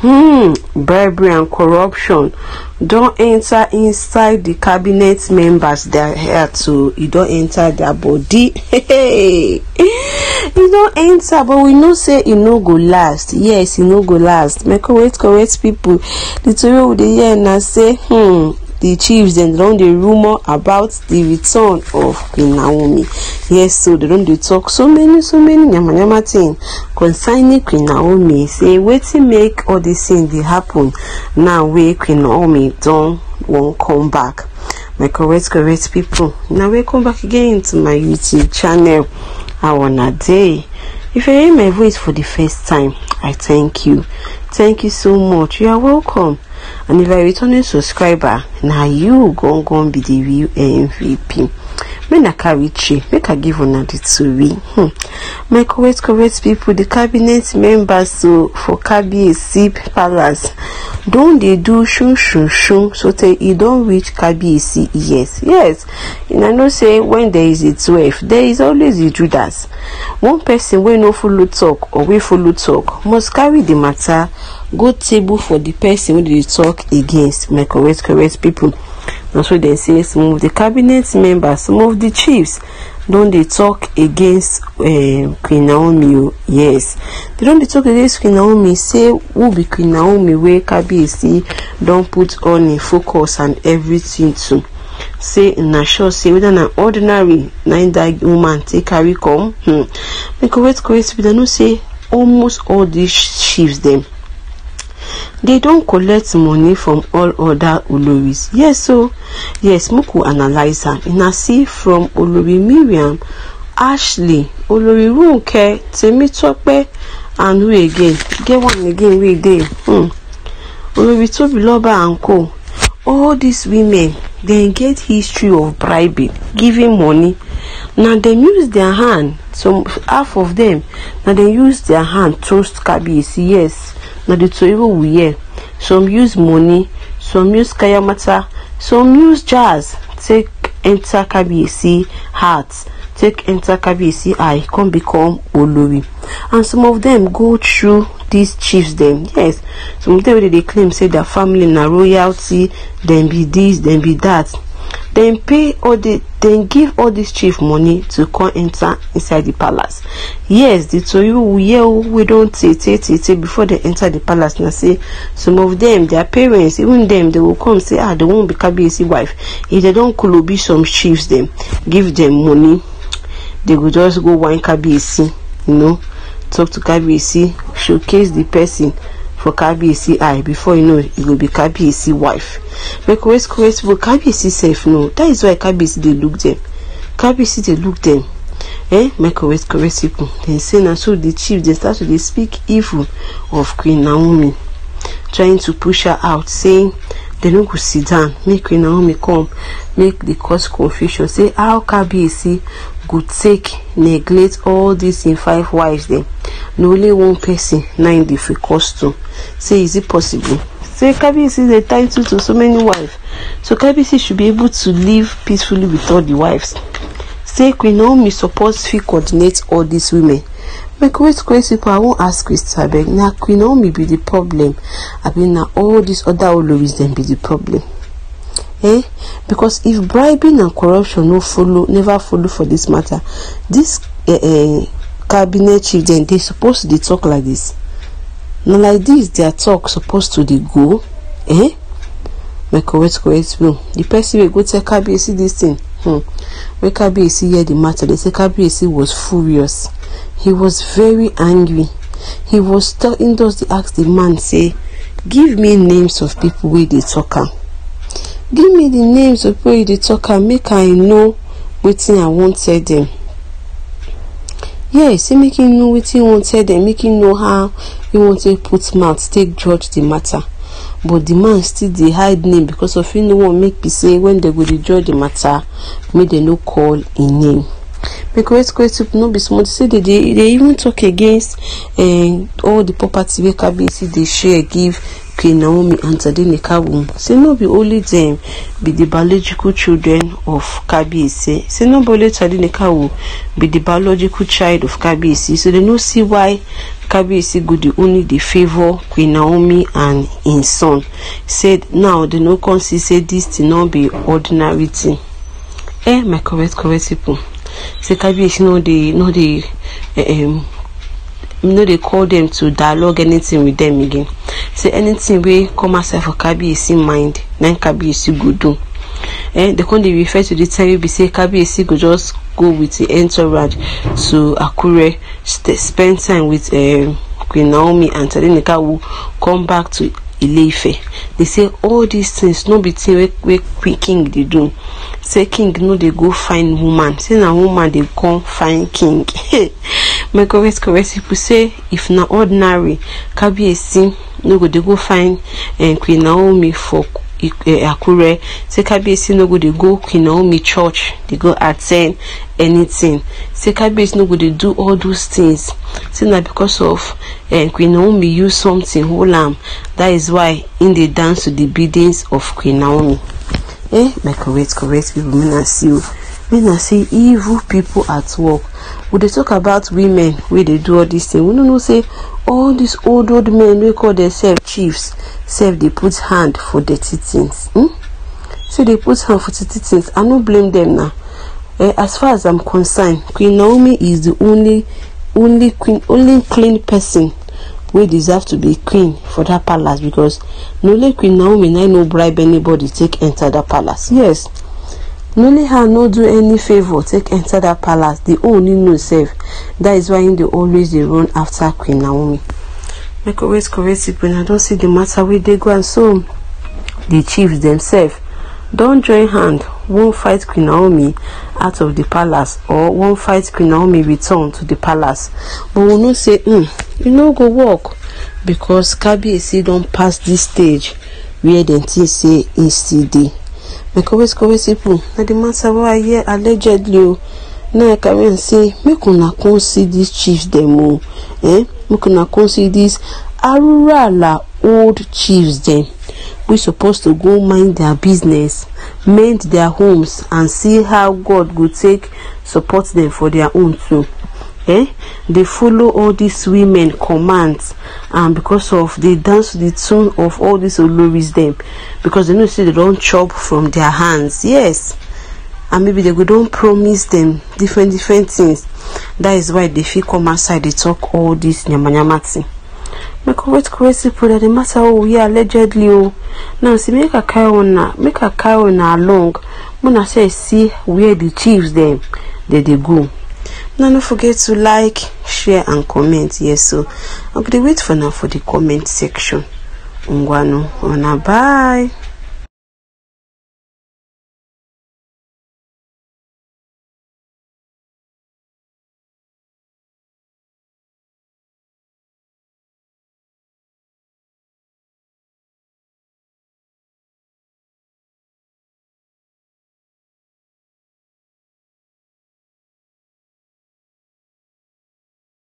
Hmm, bribery and corruption don't enter inside the cabinet members their here to. You don't enter their body. Hey, it don't enter, but we know say you e no go last. Yes, you e no go last. Make correct, correct people. The Tory with the year and I say, hmm, the chiefs then run the rumour about the return of queen naomi yes so they don dey talk so many so many yamayama tin concerning queen naomi say to make all this thing they happen now wey queen naomi won't come back my correct correct people. Now, welcome back again to my youtube channel I want a day. if you hear my voice for the first time i thank you thank you so much you are welcome and if I return a subscriber now you gon' gon' be the real mvp make na carry tray make i give una the two we hmm. my correct correct people the cabinet members so for kabiyesi palace don dey do shun shun shun so tey e don reach kabiyesi ears yes una know say when there is a twelve there is always a judas one person wey no follow talk or wey follow talk must carry the matter go table for the person wey dey talk against my correct correct people na so say some of the cabinet members some of the chiefs don't they talk against um, queen naomi oh, yes don't. They talk against queen naomi say who be queen naomi KBC don't put on a focus and everything to say in a show say weda an ordinary nine-day woman take carry come hmm make we wait correct video say almost all these chiefs them. they don collect money from all other oloris yes o oh. yes muku analyse am una see from olori miriam ashley olori runke temitope and who again get one again wey dey hmm. olori tobiloba and co all these women dem get history of bribing giving money na dem use their hand some half of them. na dem use their hand toast kabiyesi yes na the Toiro we hear. Some use money, some use kayamata, some use jazz. Take enter KBC heart, take enter KBC eye, come become Olori. And some of them go through these chiefs them. Yes, some of them they claim say their family na royalty, then be this, then be that then pay all the then give all this chief money to come enter inside the palace yes the you yeah oh, we don't say before they enter the palace now say some of them their parents even them they will come say ah they won't be KBC wife if they don't could be some chiefs them give them money they will just go wine KBC you know talk to KBC showcase the person for kabiyesi eye before you know it will be kabiyesi wife make we square For kabiyesi sef no. that is why kabiyesi they look them. kabiyesi they look them. eh make we square people dem say na so the chief they start to dey speak evil of queen naomi trying to push her out saying don't go sit down make queen naomi come make the cause confusion say how kabiyesi go take neglect all this in five wives dem only one person Nine im dey say is it possible say kabisi is title to so many wives so kabisi should be able to live peacefully with all the wives say queen me suppose fit coordinate all these women make wait crazy people i won't ask chris abeg na queen me be the problem I mean, na all these other oloris dem be the problem eh because if bribing and corruption no follow never follow for this matter this eh, eh cabinet chief they supposed to talk like this. now like this. Their talk supposed to dey go eh my correct correct will The person will go tell see this thing hmm. when see here the matter They say see was furious he was very angry he was telling those. dey ask the man say give me names of people where they talk give me the names of where they dey talk make i know then i won't tell them yes say making know what he wanted eh, and making know how he wanted to put mouth take judge the matter but the man still they hide name because of him no one make be say when they go enjoy judge matter make they no call in name because kwesquare people no be small say they they even talk against eh, all the property wey See they share give Okay, Naomi answered Nikawum, say no be only them be the biological children of Kabi Say no nobody only Nikawum be the biological child of Kabi Kabiese. So they no see why Kabi Kabiese go the only the favor Queen Naomi and his son. Said now they no can see say this to not be ordinary thing. Eh, my correct correct people. Say Kabiese no the no the. Eh, um we no they call them to dialogue anything with them again say anything wey come outside for kabiyesi mind na kabiyesi go do eh, they come dey refer to the time wey be say kabiyesi go just go with the entourage to akure spend time with um, queen naomi and tadenika who come back to Ileife. they say all these things no be thing wey wey queen king dey do say king no dey go find woman say na woman dey come find king My correct, microwave recipe say if na ordinary sin no go dey go find queen naomi for eh, akure say sin no good dey go queen naomi church they go attend anything say sin, no good they do all those things say na because of eh, queen naomi use something whole am that is why in the dance to di biddings of queen naomi eh my correct correct people may not see you make na see evil people at work we they talk about women where they do all these thing we no know say all these old old men we call themselves chiefs sef they put hand for dirty things hmm? say they put hand for dirty things i no blame them now. Eh, as far as i'm concerned queen naomi is the only only queen only clean person we deserve to be queen for that palace because no only queen naomi i no bribe anybody take enter the palace yes Nuliha no do any favor take enter that palace the Ooni no save. that is why they always they run after Queen Naomi. make always correct people I don't see the matter wey they go and so the chiefs themselves Don't join hand won't fight Queen Naomi out of the palace or won't fight Queen Naomi return to the palace but we not say mm, e no go walk, because Kabiyesi don't pass this stage where dem think say e my kowekowe pipo na di mansaba here allegedly Now I come karen say make una come consider dis chiefs dem eh make una come see dis arurala old chiefs dem we supposed to go mind their business mend their homes and see how god go take support them for their own too eh they follow all these women commands and because of they dance to the tune of all these oloris them because they know see they don't chop from their hands yes and maybe they go don't promise them different different things that is why they feel come outside they talk all this nyama nyama thing my correct correct people that the matter oh yeah allegedly oh now see make a carry on make a carry on along when i say see where the chiefs them they they go now don't forget to like share and comment yes so i'll be wait for now for the comment section ngwanu bye